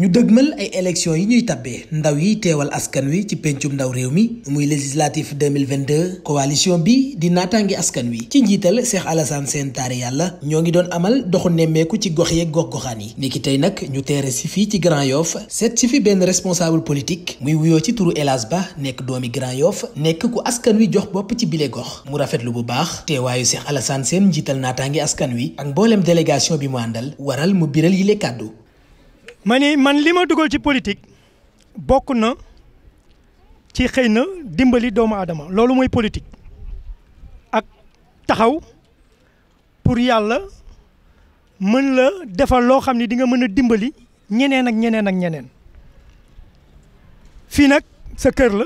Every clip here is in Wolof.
ñu dëgmal ay élections yi ñuy tabbee ndaw yi teewal askan wi ci pencum ndaw réew mi muy législatif 2022 coalition bi di naataangi askan wi ci njiital Cheikh Alassane Sène Taare Yàlla ñoo ngi doon amal doxu nemmeeku ci gox yeeg gox-goxaan yi niki tey nag ñu teere si fii ci Grand Yoff seet si fi benn responsable politique muy wuyoo ci turu El Ba nekk doomi Grand yoof nekk ku askan wi jox bopp ci bile gox mu rafetlu bu baax teewaayu Cheikh Alassane Sène njiital naataangi askan wi ak mboolem délégation bi mu àndal waral mu biral yile kàddu ma man li ma dugal ci politique bokk na ci xëy na dimbali doomu aadama loolu mooy politique ak taxaw pour yàlla mën la defal loo xam ne di nga mën a dimbali ñeneen ak ñeneen ak ñeneen fii nag sa kër la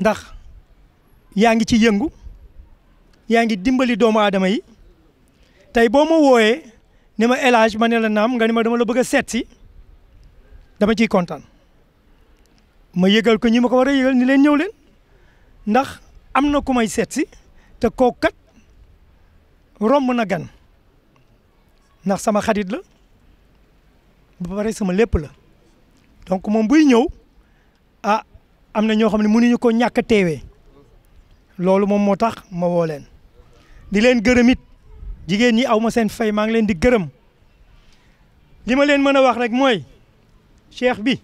ndax yaa ngi ci yëngu yaa ngi dimbali doomu aadama yi tey boo ma wooyee ni ma El Hadj ma ne la naam nga ni ma dama la bëgg setsi dama ciy kontaan ma yëgal ko ñi ma ko war a yëgal ni leen ñëw leen ndax am na ku may seet si te kooku kat romb na gan ndax sama xarit la ba pare sama lépp la donc moom buy ñëw a ah, am na ñoo xam ne mënuñu ko ñàkk a teewee loolu moom moo tax ma woo leen di leen gërëmit jigéen ñi aw ma seen fay maa ngi leen di gërëm li ma leen mën a wax rek mooy cheikh bi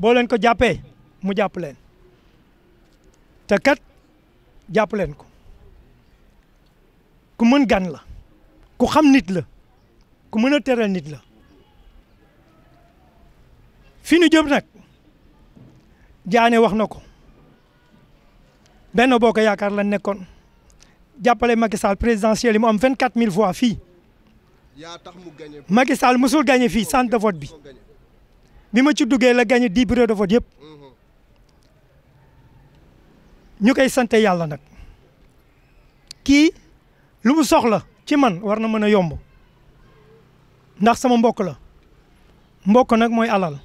boo leen ko jàppee mu jàpp leen te kat jàpp leen ko ku mën gan la ku xam nit la ku mën a teral nit la fi nu jëm nag jaane wax na ko benn boo ko yaakaar la nekkoon jàppale Macky Sall présidentielle yi mu am 24000 voix fii Macky Sall mosul gagné fii centre de vote bi bi ma ci duggee la gagné di bureaux de vote yëpp mhm. ñu koy sant yàlla nag kii lu mu soxla ci man war na mën a yomb ndax sama mbokk la mbokk nag mooy alal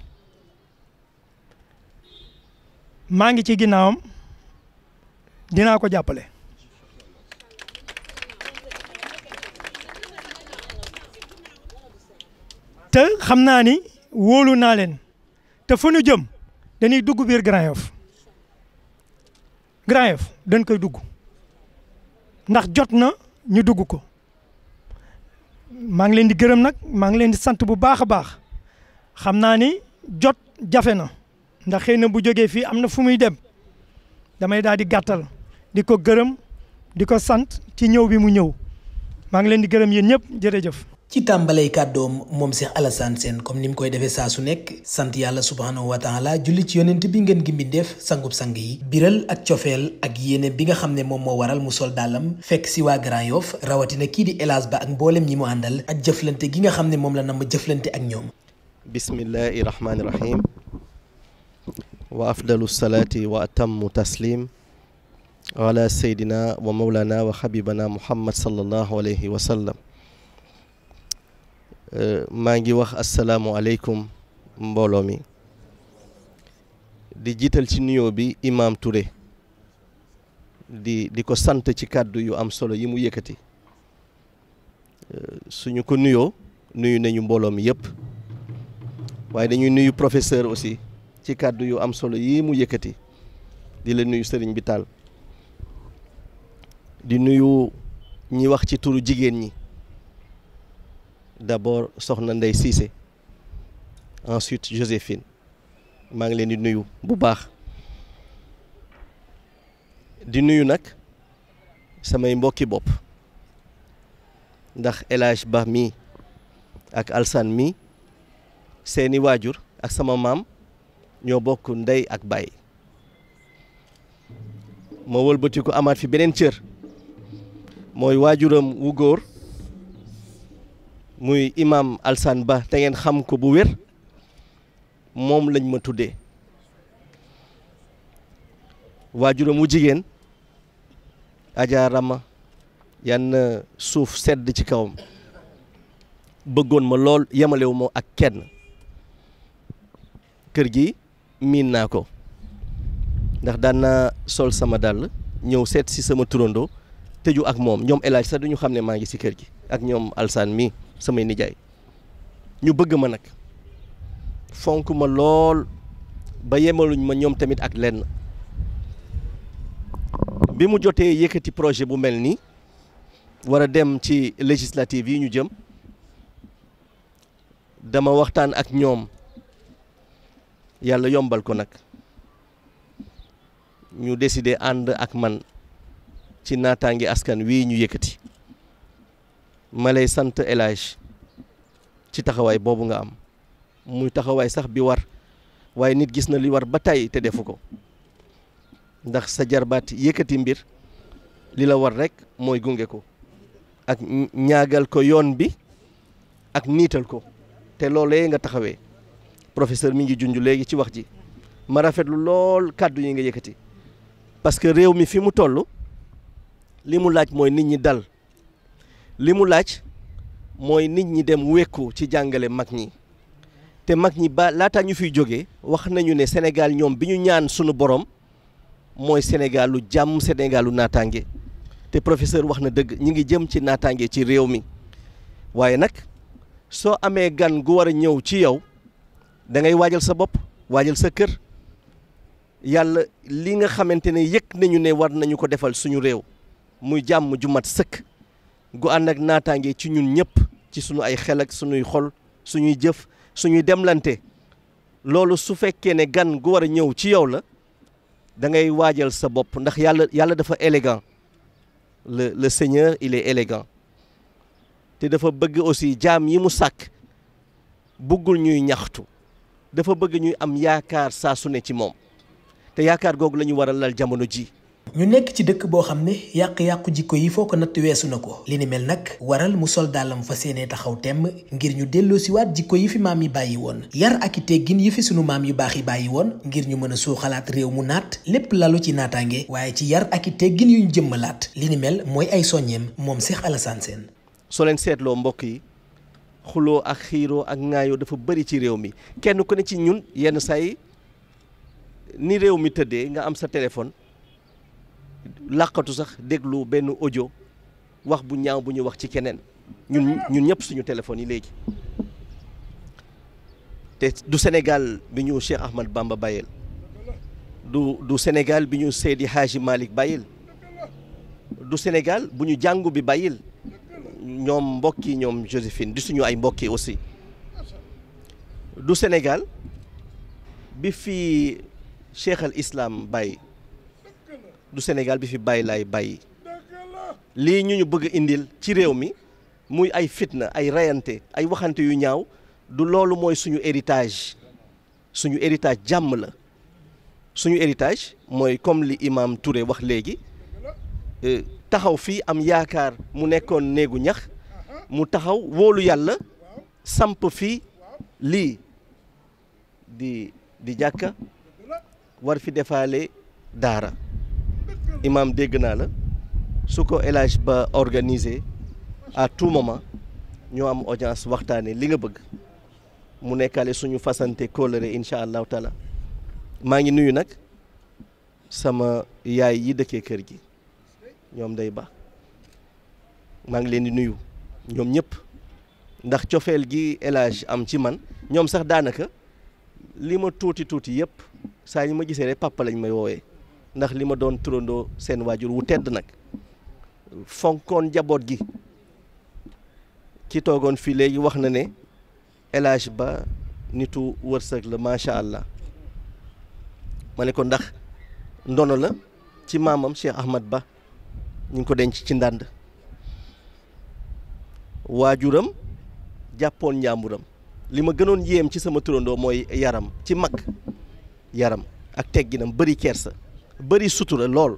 maa ngi ci ginnaawam dinaa ko jàppale. te xam naa ni wóolu naa leen te fu jëm dañuy dugg biir Grand Yoff Grand dañ koy dugg ndax jot na ñu dugg ko maa ngi leen di gërëm nag maa ngi leen di sant bu baax a baax xam naa ni jot jafe na ndax xëy na bu jógee fii am na fu muy dem damay daal gàttal di ko gërëm di ko sant ci ñëw bi mu ñëw maa ngi leen di gërëm yéen ñëpp jërëjëf. ci tàmbalay kàddoom moom Cheikh Alassane Sène comme ni mu koy defee saa su nekk sant yàlla subhaanahu wa taala julli ci yonent bi ngeen gi mbindeef sangub sang yi biral ak cofeel ak yeneen bi nga xam ne moom moo waral mu sol dàllam fekk si waa Grand Yoff rawatina kii di Elhadj Ba ak mbooleem ñi mu àndal ak jëflante gi nga xam ne moom la na ma jëflante ak ñoom bismillahi rahmaani rahim wa afdalu salaati wa atammu taslim ala seydina wa mawlana wa xabibana muhammad sallallahu alayhi wa sallam Eh, maa ngi wax asalaamualeykum mbooloo mi di jiital ci nuyoo bi imaam Touré di di ko sant ci kàddu yu am solo yi mu yëkkati eh, suñu ko nuyoo nuyu nañu mbooloo mi yëpp waaye dañuy nuyu professeur aussi ci kàddu yu am solo yi mu yëkkati di la nuyu sëriñ bi taal di nuyu ñi wax ci turu jigéen ñi d'abord soxna Ndey Cissé ensuite Joséphine maa ngi leen di nuyu bu baax di nuyu nag samay mbokki bopp ndax El Hadj Ba mii ak Alsan mii seeni waajur ak sama maam ñoo bokk ndey ak baay ma walbatiku ko amaat fi beneen cër mooy waajuram wu góor muy imaam alsaan Ba te ngeen xam ko bu wér moom lañ ma tuddee waajuram wu jigéen Adja Rama yan suuf sedd ci kawam bëggoon ma lool yemalewu ma ak kenn kër gi miin naa ko ndax daan naa sol sama dàll ñëw seet si sama turandoo tëju ak moom ñoom elaaj Hadj sax duñu xam ne maa ngi ci kër gi ak ñoom Alsaan mii samay nijaay ñu bëgg ma nag fonk ma lool ba yemaluñ ma ñoom tamit ak lenn bi mu jotee yëkkati projet bu mel ni war a dem ci législative yi ñu jëm dama waxtaan ak ñoom yàlla yombal ko nag ñu décider ànd ak man ci naataangi askan wi ñu yëkkati malay sant El ci taxawaay boobu nga am muy taxawaay sax bi war waaye nit gis na li war ba tey te defu ko ndax sa jarbaat yëkkati mbir li la war rek mooy gunge ko ak ñaagal ko yoon bi ak niital ko te loolee nga taxawee professeur mi ngi junj léegi ci wax ji ma rafetlu lool kàddu yi nga yëkkati parce que réew mi fi mu toll li mu laaj mooy nit ñi dal li mu laaj mooy nit ñi dem wekku ci jàngale mag ñi te mag ñi ba laataa ñu fiy jóge wax nañu ne Sénégal ñoom bi ñu ñaan suñu borom mooy Sénégal jàmm Sénégal lu te professeur wax na dëgg ñi ngi jëm ci naataange ci réew mi waaye nag soo amee gan gu war a ñëw ci yow dangay waajal sa bopp waajal sa kër yàlla li nga xamante ne yëg nañu ne war nañu ko defal suñu réew muy jàmm ju mat sëkk gu ànd ak naataange ci ñun ñëpp ci suñu ay xel ak suñuy xol suñuy jëf suñuy demlante loolu su fekkee ne gan gu war a ñëw ci yow la da ngay waajal sa bopp ndax yàlla yàlla dafa élégant le le Seigneur il est élégant te dafa bëgg aussi jaam yi mu sàkk bëggul ñuy ñaxtu dafa bëgg ñuy am yaakaar saa su ne ci moom te yaakaar googu la ñu war a lal jamono ji ñu nekk ci dëkk boo xam ne yàq-yàqu jikko yi foo ko natt weesu na ko li ni mel nag waral mu sol dàllam fa seenee taxaw temm ngir ñu delloosiwaat jikko yi fi maam yi bàyyi woon yar ak i teggin yi fi sunu maam yu baax yi bàyyi woon ngir ñu mën a suuxalaat réew mu naat lépp lalu ci naataange waaye ci yar ak i teggin yu ñu jëmmalaat li ni mel mooy ay soññeem moom Cheikh Alassane Sène soo leen seetloo mbokk yi xuloo ak xiiroo ak ŋaayoo dafa bëri ci réew mi kenn ku ne ci ñun yenn saa ni réew mi tëddee nga am sa téléphone làqatu sax déglu benn audio wax bu ñaaw bu ñu wax ci keneen ñun ñun ñëpp suñu téléphone yi léegi te du Sénégal bi ñu Cheikh Ahmad Bamba bàyyil du du Sénégal bi ñu Seydi Hadji Malick du Sénégal bu ñu jàngu bi bàyyil ñoom mbokki ñoom Joséphine di suñu ay mbokki aussi du Sénégal bi fi Cheikh al Islam bàyyi du senegal bi fi bàyyi laay bàyyi lii ñu ñu bëgg indil ci réew mi muy ay fitna ay rayante ay waxante yu ñaaw du loolu mooy suñu héritage suñu héritage jàmm la suñu héritage mooy comme li imaam Touré wax léegi euh, taxaw fii am yaakaar mu nekkoon néegu ñax mu taxaw woolu yàlla samp fii lii di di jàkka war fi defaale daara imaam dégg naa la su ko El Ba organiser à tout moment ñoo am audience waxtaanee li nga bëgg mu nekkaale suñu fasante kóolare incha allahu taala maa ngi nuyu nag sama yaay yi dëkkee kër gi ñoom day baax maa ngi leen di nuyu ñoom ñëpp ndax cofeel gi El am ci man ñoom sax daanaka li ma tuuti tuuti yëpp saa ñu ma gisee rek papa lañ may woowee. ndax li ma doon turandoo seen waajur wu tedd nag fonkoon njaboot gi ci toogoon fii léegi wax na ne El Ba nitu wërsëg la macha allah ma ne ko ndax ndono la ci maamam Cheikh Ahmad Ba ñu ko denc ci ndànd waajuram jàppoon njàmburam li ma gënoon yéem ci sama turandoo mooy yaram ci mag yaram ak tegginam bëri kersa bëri sutura lool.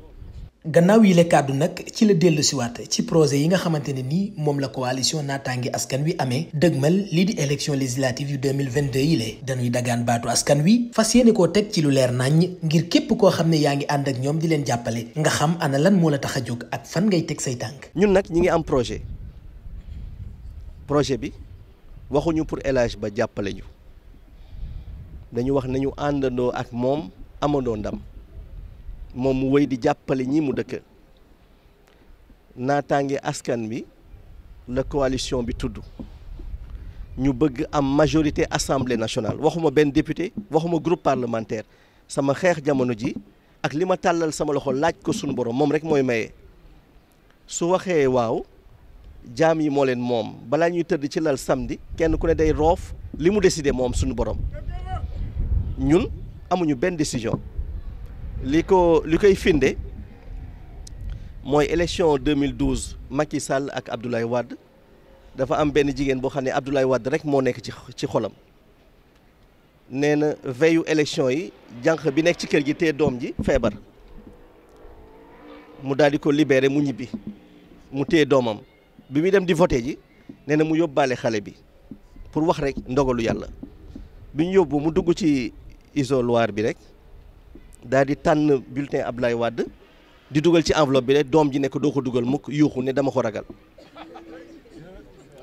gannaaw yi la kàddu nag ci la dellu siwaat ci projet yi nga xamante ne nii moom la coalition naataangi askan wi amee dëgmal lii di élection législative yu 2022 yi la dañuy dagaan baatu askan wi fas yéene koo teg ci lu leer naññ ngir képp koo xam ne yaa ngi ànd ak ñoom di leen jàppale nga xam ana lan moo la tax a jóg ak fan ngay teg say tànk. ñun nag ñi ngi am projet projet bi waxuñu pour El Ba jàppale ñu dañu wax nañu àndandoo ak moom amandoo ndam. moom mu wéy di jàppale ñi mu dëkk naataange askan bi la coalition bi tudd ñu bëgg am majorité assemblée nationale waxuma benn député waxuma groupe parlementaire sama xeex jamono ji ak li ma tàllal sama loxo laaj ko sunu borom moom rek mooy maye su waxee waaw jaam yi moo leen moom balaa ñuy tëdd ci lal samedi kenn ku ne day roof li mu décidé moom sunu borom ñun amuñu benn décision li ko li koy finde mooy élection 2012 Macky Sall ak Abdoulaye Wade dafa am benn jigéen boo xam ne Abdoulaye Wade rek moo nekk ci ci xolam nee na veyu élection yi jànq bi nekk ci kër gi te doom ji feebar mu daal ko libeere mu ñibbi mu téye doomam bi muy dem di voté ji nee na mu yóbbaale xale bi pour wax rek ndogalu yàlla bi ñu yóbbu mu dugg ci isoloir bi rek. daal di tànn bulletin Abdoulaye Wade di dugal ci enveloppe bi rek doom ji nekk doo ko dugal mukk yuuxu ne dama ko ragal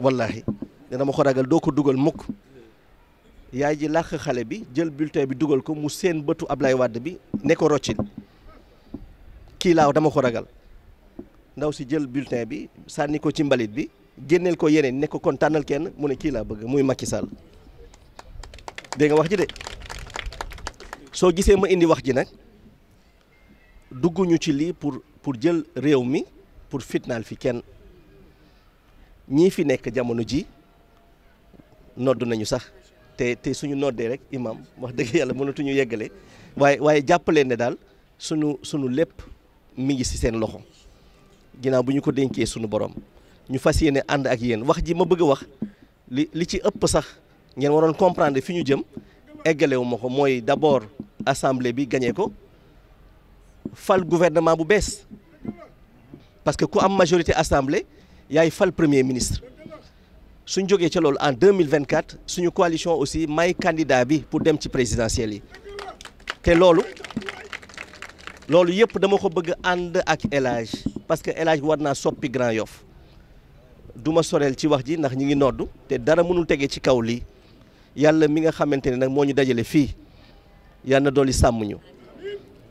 wallahi ne dama ko ragal doo ko dugal mukk yaay ji làq xale bi jël bulletin bi dugal ko mu seen bëtu Abdoulaye Wade bi ne ko roccil kii laaw dama ko ragal ndaw si jël bulletin bi sànni ko ci mbalit bi génneel ko yeneen ne ko kon tànnal kenn mu ne kii laa bëgg muy Macky Sall dégg nga wax ji de soo gisee ma indi wax ji nag dugguñu ci lii pour pour jël réew mi pour fitnaal fi kenn ñii fi nekk jamono ji nodd nañu sax te te suñu noddee rek imam wax dëgg yàlla mënatuñu yeggale waaye waaye jàppale ne daal suñu suñu lépp mu ngi si seen loxo ginnaaw bu ñu ko dénkee sunu borom ñu fas yéene ànd ak yéen wax ji ma bëgg a wax li li ci ëpp sax ngeen waroon comprendre fi ñu jëm eggalewu ma ko mooy d'abord assemblée bi gañee ko fal gouvernement bu bees parce que ku am majorité assemblée yaay fal premier ministre suñ jógee ca loolu en 2024 suñu coalition aussi may candidat bi pour dem ci présidentielle yi te loolu loolu yëpp dama ko bëgg ànd ak El Hadj parce que élage Hadj war naa soppi Grand Yoff du soreel ci wax ji ndax ñi ngi noddu te dara mënul tegee ci kaw lii yàlla mi nga xamante ne nag moo ñu dajale fii yal na dolli sàmm ñu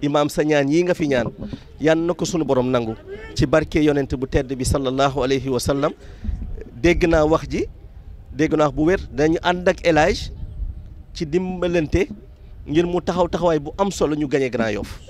imaam sa ñaan yii nga fi ñaan yal na ko sunu borom nangu ci barke yonent bu tedd bi sallallahu alayhi wa sallam dégg naa wax ji dégg naa wax bu wér dañu ànd ak élage ci dimbalante ngir mu taxaw taxawaay bu am solo ñu gañe Grand Yoff